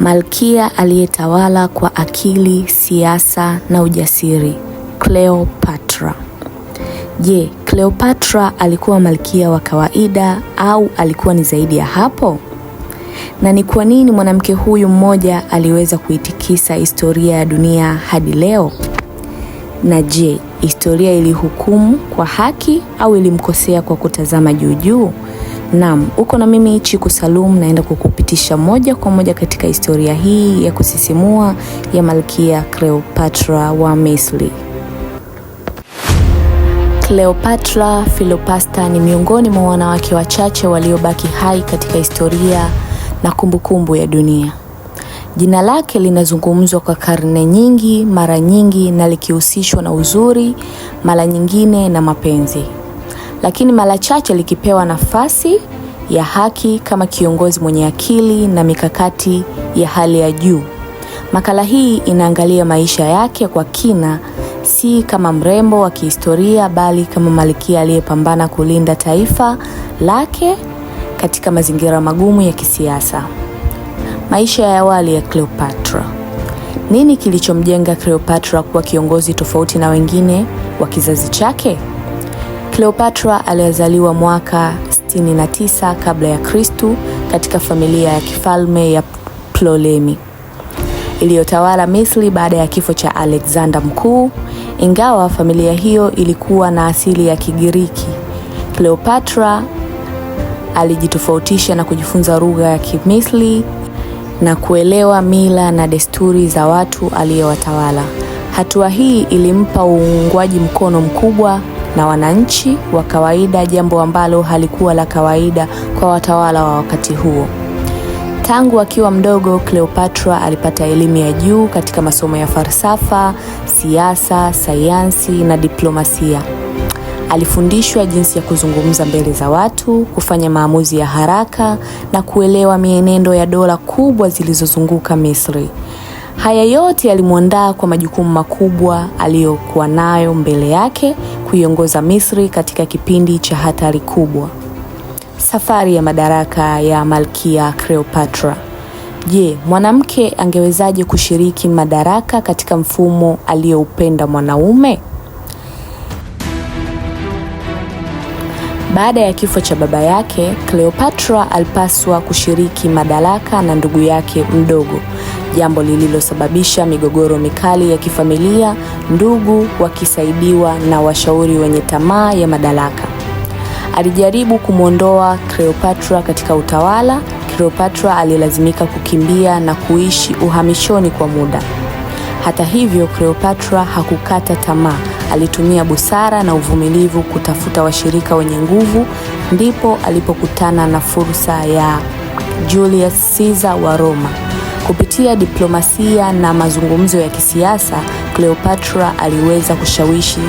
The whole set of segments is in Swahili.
malkia aliyetawala kwa akili, siasa na ujasiri, Cleopatra. Je, Cleopatra alikuwa malkia wa kawaida au alikuwa ni zaidi ya hapo? Na ni kwa nini mwanamke huyu mmoja aliweza kuitikisa historia ya dunia hadi leo? Na je, historia ilihukumu kwa haki au ilimkosea kwa kutazama juu juu? Naam, uko na mimi Chiku Salum, naenda kukupitisha moja kwa moja katika historia hii ya kusisimua ya Malkia Cleopatra wa Misri. Cleopatra Philopasta ni miongoni mwa wanawake wachache waliobaki hai katika historia na kumbukumbu kumbu ya dunia. Jina lake linazungumzwa kwa karne nyingi, mara nyingi na likihusishwa na uzuri, mara nyingine na mapenzi lakini mara chache likipewa nafasi ya haki kama kiongozi mwenye akili na mikakati ya hali ya juu. Makala hii inaangalia maisha yake kwa kina, si kama mrembo wa kihistoria, bali kama malkia aliyepambana kulinda taifa lake katika mazingira magumu ya kisiasa. Maisha ya awali ya Cleopatra. Nini kilichomjenga Cleopatra kuwa kiongozi tofauti na wengine wa kizazi chake? Cleopatra aliyezaliwa mwaka 69 kabla ya Kristu katika familia ya kifalme ya Ptolemy iliyotawala Misri baada ya kifo cha Alexander Mkuu. Ingawa familia hiyo ilikuwa na asili ya Kigiriki, Cleopatra alijitofautisha na kujifunza lugha ya Kimisri na kuelewa mila na desturi za watu aliyowatawala. Hatua hii ilimpa uungwaji mkono mkubwa na wananchi wa kawaida, jambo ambalo halikuwa la kawaida kwa watawala wa wakati huo. Tangu akiwa mdogo, Cleopatra alipata elimu ya juu katika masomo ya falsafa, siasa, sayansi na diplomasia. Alifundishwa jinsi ya kuzungumza mbele za watu, kufanya maamuzi ya haraka na kuelewa mienendo ya dola kubwa zilizozunguka Misri. Haya yote yalimwandaa kwa majukumu makubwa aliyokuwa nayo mbele yake kuiongoza Misri katika kipindi cha hatari kubwa. Safari ya madaraka ya Malkia Cleopatra. Je, mwanamke angewezaje kushiriki madaraka katika mfumo aliyoupenda mwanaume? Baada ya kifo cha baba yake, Cleopatra alipaswa kushiriki madaraka na ndugu yake mdogo, jambo lililosababisha migogoro mikali ya kifamilia, ndugu wakisaidiwa na washauri wenye tamaa ya madaraka. Alijaribu kumwondoa Cleopatra katika utawala. Cleopatra alilazimika kukimbia na kuishi uhamishoni kwa muda. Hata hivyo, Cleopatra hakukata tamaa. Alitumia busara na uvumilivu kutafuta washirika wenye nguvu, ndipo alipokutana na fursa ya Julius Caesar wa Roma. Kupitia diplomasia na mazungumzo ya kisiasa, Cleopatra aliweza kushawishi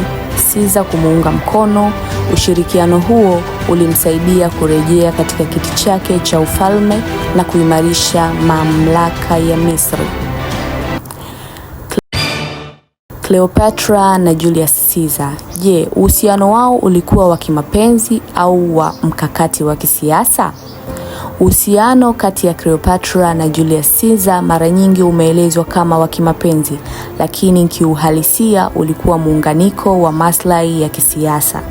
Caesar kumuunga mkono. Ushirikiano huo ulimsaidia kurejea katika kiti chake cha ufalme na kuimarisha mamlaka ya Misri. Cleopatra na Julius Caesar. Je, uhusiano wao ulikuwa wa kimapenzi au wa mkakati wa kisiasa? Uhusiano kati ya Cleopatra na Julius Caesar mara nyingi umeelezwa kama wa kimapenzi, lakini kiuhalisia ulikuwa muunganiko wa maslahi ya kisiasa.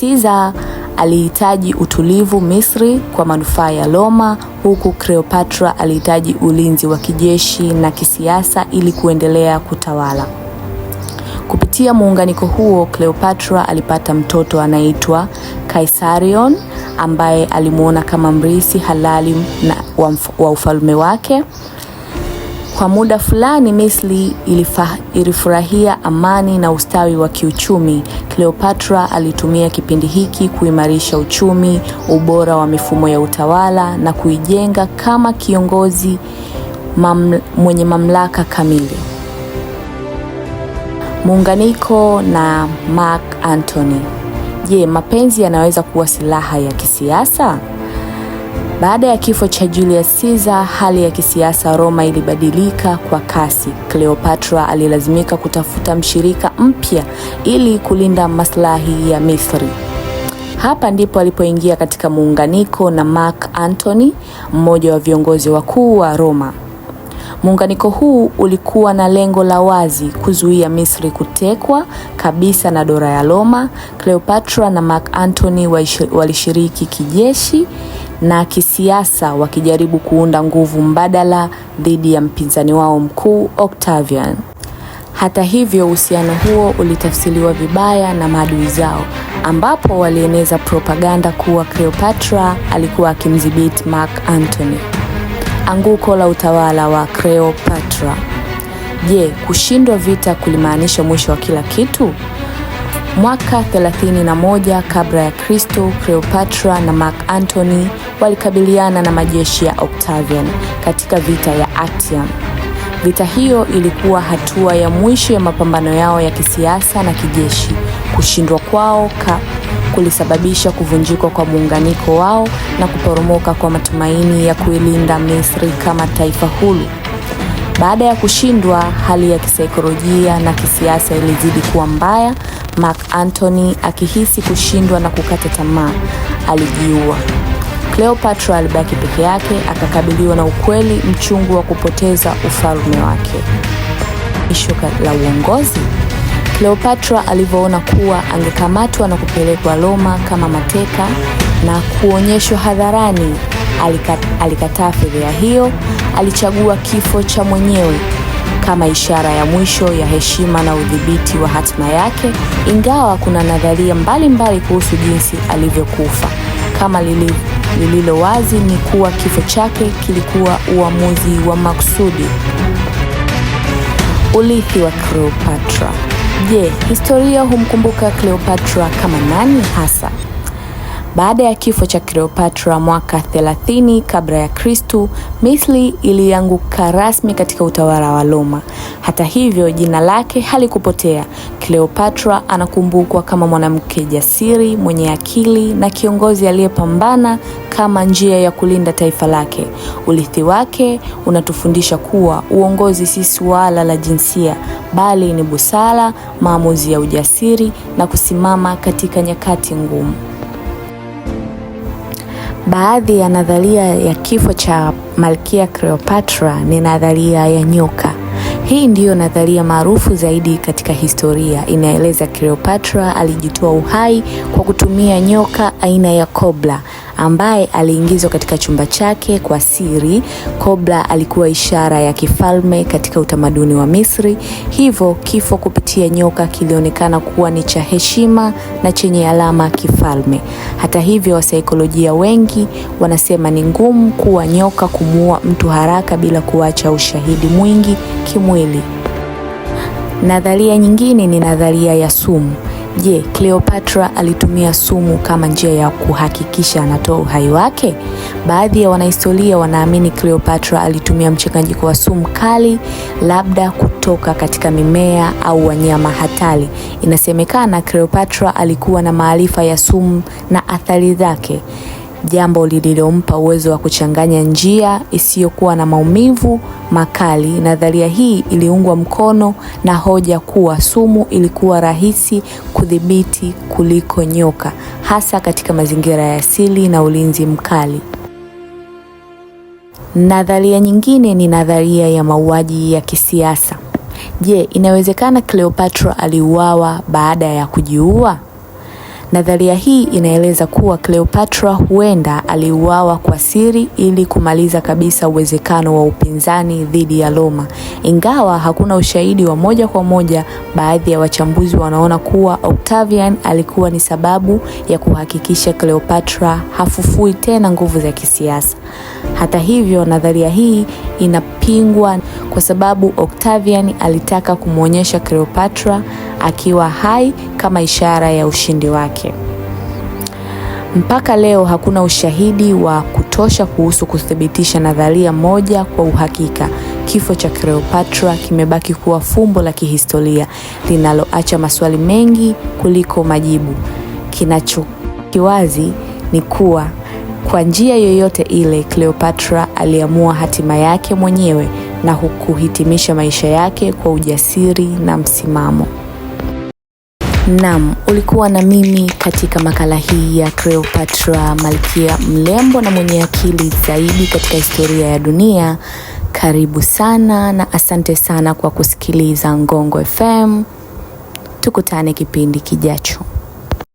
Caesar alihitaji utulivu Misri kwa manufaa ya Roma, huku Cleopatra alihitaji ulinzi wa kijeshi na kisiasa ili kuendelea kutawala. Kupitia muunganiko huo, Cleopatra alipata mtoto anaitwa Caesarion ambaye alimwona kama mrithi halali na wa ufalme wake. Kwa muda fulani Misri ilifurahia amani na ustawi wa kiuchumi. Cleopatra alitumia kipindi hiki kuimarisha uchumi, ubora wa mifumo ya utawala na kuijenga kama kiongozi mam, mwenye mamlaka kamili. Muunganiko na Mark Antony. Je, mapenzi yanaweza kuwa silaha ya kisiasa? Baada ya kifo cha Julius Caesar, hali ya kisiasa Roma ilibadilika kwa kasi. Cleopatra alilazimika kutafuta mshirika mpya ili kulinda maslahi ya Misri. Hapa ndipo alipoingia katika muunganiko na Mark Antony, mmoja wa viongozi wakuu wa Roma. Muunganiko huu ulikuwa na lengo la wazi: kuzuia Misri kutekwa kabisa na dola ya Roma. Cleopatra na Mark Antony walishiriki kijeshi na kisiasa, wakijaribu kuunda nguvu mbadala dhidi ya mpinzani wao mkuu Octavian. Hata hivyo, uhusiano huo ulitafsiriwa vibaya na maadui zao, ambapo walieneza propaganda kuwa Cleopatra alikuwa akimdhibiti Mark Antony. Anguko la utawala wa Cleopatra. Je, kushindwa vita kulimaanisha mwisho wa kila kitu? Mwaka 31 kabla ya Kristo, Cleopatra na Mark Antony walikabiliana na majeshi ya Octavian katika vita ya Actium. Vita hiyo ilikuwa hatua ya mwisho ya mapambano yao ya kisiasa na kijeshi. Kushindwa kwao ka kulisababisha kuvunjika kwa muunganiko wao na kuporomoka kwa matumaini ya kuilinda Misri kama taifa huru. Baada ya kushindwa, hali ya kisaikolojia na kisiasa ilizidi kuwa mbaya. Mark Antony akihisi kushindwa na kukata tamaa, alijiua. Cleopatra alibaki peke yake, akakabiliwa na ukweli mchungu wa kupoteza ufalme wake. Isho la uongozi Cleopatra alivyoona kuwa angekamatwa na kupelekwa Roma kama mateka na kuonyeshwa hadharani, alikataa fedheha hiyo. Alichagua kifo cha mwenyewe kama ishara ya mwisho ya heshima na udhibiti wa hatima yake, ingawa kuna nadharia mbalimbali kuhusu jinsi alivyokufa kama lilivyo Lililo wazi ni kuwa kifo chake kilikuwa uamuzi wa makusudi. Urithi wa Cleopatra. Je, historia humkumbuka Cleopatra kama nani hasa? Baada ya kifo cha Kleopatra mwaka 30 kabla ya Kristu, Misri ilianguka rasmi katika utawala wa Roma. Hata hivyo, jina lake halikupotea. Kleopatra anakumbukwa kama mwanamke jasiri, mwenye akili na kiongozi aliyepambana kama njia ya kulinda taifa lake. Urithi wake unatufundisha kuwa uongozi si suala la jinsia, bali ni busara, maamuzi ya ujasiri na kusimama katika nyakati ngumu. Baadhi ya nadharia ya kifo cha Malkia Cleopatra ni nadharia ya nyoka. Hii ndiyo nadharia maarufu zaidi katika historia. Inaeleza Cleopatra alijitoa uhai kwa kutumia nyoka aina ya kobla ambaye aliingizwa katika chumba chake kwa siri. Kobra alikuwa ishara ya kifalme katika utamaduni wa Misri, hivyo kifo kupitia nyoka kilionekana kuwa ni cha heshima na chenye alama kifalme. Hata hivyo, wasaikolojia wengi wanasema ni ngumu kuwa nyoka kumuua mtu haraka bila kuacha ushahidi mwingi kimwili. Nadharia nyingine ni nadharia ya sumu. Je, Cleopatra alitumia sumu kama njia ya kuhakikisha anatoa uhai wake? Baadhi ya wanahistoria wanaamini Cleopatra alitumia mchanganyiko wa sumu kali, labda kutoka katika mimea au wanyama hatari. Inasemekana Cleopatra alikuwa na maarifa ya sumu na athari zake jambo lililompa uwezo wa kuchanganya njia isiyokuwa na maumivu makali. Nadharia hii iliungwa mkono na hoja kuwa sumu ilikuwa rahisi kudhibiti kuliko nyoka, hasa katika mazingira ya asili na ulinzi mkali. Nadharia nyingine ni nadharia ya mauaji ya kisiasa. Je, inawezekana Cleopatra aliuawa baada ya kujiua? Nadharia hii inaeleza kuwa Cleopatra huenda aliuawa kwa siri ili kumaliza kabisa uwezekano wa upinzani dhidi ya Roma. Ingawa hakuna ushahidi wa moja kwa moja, baadhi ya wachambuzi wanaona kuwa Octavian alikuwa ni sababu ya kuhakikisha Cleopatra hafufui tena nguvu za kisiasa. Hata hivyo, nadharia hii inapingwa kwa sababu Octavian alitaka kumwonyesha Cleopatra akiwa hai kama ishara ya ushindi wake. Mpaka leo hakuna ushahidi wa kutosha kuhusu kuthibitisha nadharia moja kwa uhakika. Kifo cha Cleopatra kimebaki kuwa fumbo la kihistoria linaloacha maswali mengi kuliko majibu. Kinachokiwazi ni kuwa kwa njia yoyote ile, Cleopatra aliamua hatima yake mwenyewe na kuhitimisha maisha yake kwa ujasiri na msimamo nam ulikuwa na mimi katika makala hii ya Cleopatra, malkia mlembo na mwenye akili zaidi katika historia ya dunia. Karibu sana na asante sana kwa kusikiliza Ngongo FM. Tukutane kipindi kijacho.